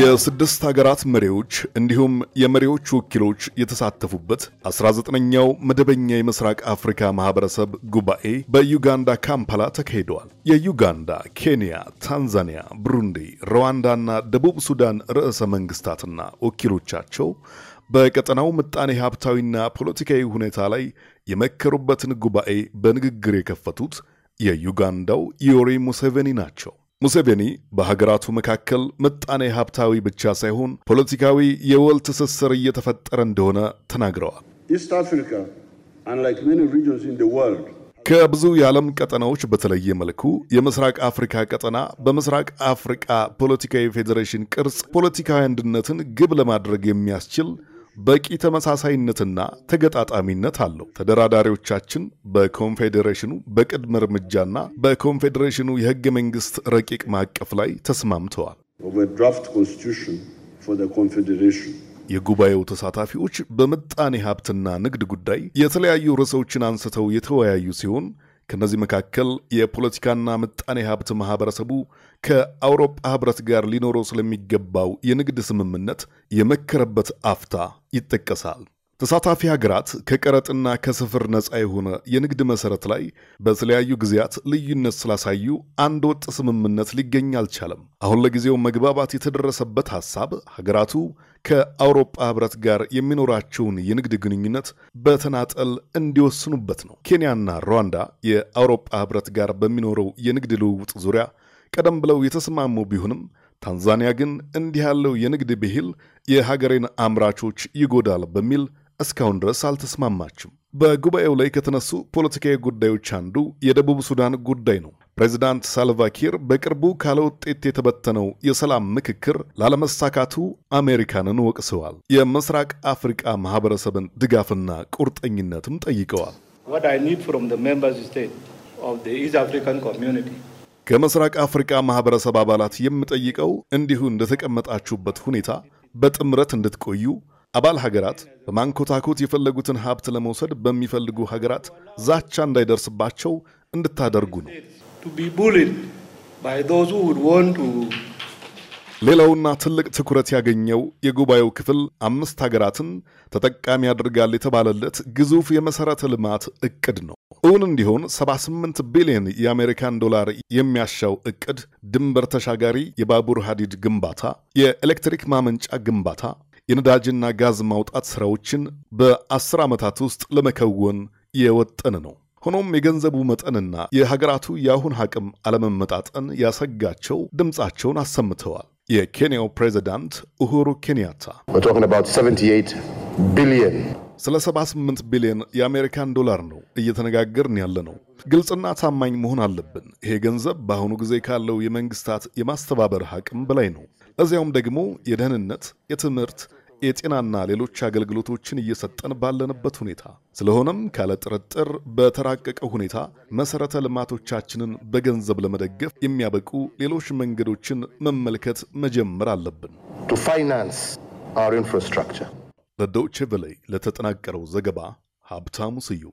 የስድስት ሀገራት መሪዎች እንዲሁም የመሪዎች ወኪሎች የተሳተፉበት 19ኛው መደበኛ የምስራቅ አፍሪካ ማህበረሰብ ጉባኤ በዩጋንዳ ካምፓላ ተካሂደዋል። የዩጋንዳ፣ ኬንያ፣ ታንዛኒያ፣ ብሩንዲ፣ ሩዋንዳና ደቡብ ሱዳን ርዕሰ መንግስታትና ወኪሎቻቸው በቀጠናው ምጣኔ ሀብታዊና ፖለቲካዊ ሁኔታ ላይ የመከሩበትን ጉባኤ በንግግር የከፈቱት የዩጋንዳው ዮዌሪ ሙሴቬኒ ናቸው። ሙሴቬኒ በሀገራቱ መካከል ምጣኔ ሀብታዊ ብቻ ሳይሆን ፖለቲካዊ የወል ትስስር እየተፈጠረ እንደሆነ ተናግረዋል። ከብዙ የዓለም ቀጠናዎች በተለየ መልኩ የምስራቅ አፍሪካ ቀጠና በምስራቅ አፍሪካ ፖለቲካዊ ፌዴሬሽን ቅርጽ ፖለቲካዊ አንድነትን ግብ ለማድረግ የሚያስችል በቂ ተመሳሳይነትና ተገጣጣሚነት አለው። ተደራዳሪዎቻችን በኮንፌዴሬሽኑ በቅድመ እርምጃና በኮንፌዴሬሽኑ የህገ መንግስት ረቂቅ ማዕቀፍ ላይ ተስማምተዋል። የጉባኤው ተሳታፊዎች በምጣኔ ሀብትና ንግድ ጉዳይ የተለያዩ ርዕሶችን አንስተው የተወያዩ ሲሆን ከእነዚህ መካከል የፖለቲካና ምጣኔ ሀብት ማህበረሰቡ ከአውሮፓ ህብረት ጋር ሊኖረው ስለሚገባው የንግድ ስምምነት የመከረበት አፍታ ይጠቀሳል። ተሳታፊ ሀገራት ከቀረጥና ከስፍር ነፃ የሆነ የንግድ መሰረት ላይ በተለያዩ ጊዜያት ልዩነት ስላሳዩ አንድ ወጥ ስምምነት ሊገኝ አልቻለም። አሁን ለጊዜው መግባባት የተደረሰበት ሐሳብ ሀገራቱ ከአውሮፓ ህብረት ጋር የሚኖራቸውን የንግድ ግንኙነት በተናጠል እንዲወስኑበት ነው። ኬንያና ሩዋንዳ የአውሮፓ ህብረት ጋር በሚኖረው የንግድ ልውውጥ ዙሪያ ቀደም ብለው የተስማሙ ቢሆንም ታንዛኒያ ግን እንዲህ ያለው የንግድ ብሂል የሀገሬን አምራቾች ይጎዳል በሚል እስካሁን ድረስ አልተስማማችም። በጉባኤው ላይ ከተነሱ ፖለቲካዊ ጉዳዮች አንዱ የደቡብ ሱዳን ጉዳይ ነው። ፕሬዚዳንት ሳልቫኪር በቅርቡ ካለ ውጤት የተበተነው የሰላም ምክክር ላለመሳካቱ አሜሪካንን ወቅሰዋል። የምስራቅ አፍሪቃ ማህበረሰብን ድጋፍና ቁርጠኝነትም ጠይቀዋል። ከምስራቅ አፍሪቃ ማህበረሰብ አባላት የምጠይቀው እንዲሁ እንደተቀመጣችሁበት ሁኔታ በጥምረት እንድትቆዩ አባል ሀገራት በማንኮታኮት የፈለጉትን ሀብት ለመውሰድ በሚፈልጉ ሀገራት ዛቻ እንዳይደርስባቸው እንድታደርጉ ነው። ሌላውና ትልቅ ትኩረት ያገኘው የጉባኤው ክፍል አምስት ሀገራትን ተጠቃሚ ያደርጋል የተባለለት ግዙፍ የመሠረተ ልማት እቅድ ነው። እውን እንዲሆን 78 ቢሊዮን የአሜሪካን ዶላር የሚያሻው እቅድ ድንበር ተሻጋሪ የባቡር ሀዲድ ግንባታ፣ የኤሌክትሪክ ማመንጫ ግንባታ የነዳጅና ጋዝ ማውጣት ሥራዎችን በአስር ዓመታት ውስጥ ለመከወን የወጠን ነው። ሆኖም የገንዘቡ መጠንና የሀገራቱ የአሁን አቅም አለመመጣጠን ያሰጋቸው ድምፃቸውን አሰምተዋል። የኬንያው ፕሬዚዳንት ኡሁሩ ኬንያታ ስለ 78 ቢሊዮን የአሜሪካን ዶላር ነው እየተነጋገርን ያለ ነው። ግልጽና ታማኝ መሆን አለብን። ይሄ ገንዘብ በአሁኑ ጊዜ ካለው የመንግስታት የማስተባበር አቅም በላይ ነው። ለዚያውም ደግሞ የደህንነት፣ የትምህርት የጤናና ሌሎች አገልግሎቶችን እየሰጠን ባለንበት ሁኔታ ስለሆነም ካለ ጥርጥር በተራቀቀ ሁኔታ መሠረተ ልማቶቻችንን በገንዘብ ለመደገፍ የሚያበቁ ሌሎች መንገዶችን መመልከት መጀመር አለብን። ለዶቼ ቬለ ለተጠናቀረው ዘገባ ሀብታሙ ስዩ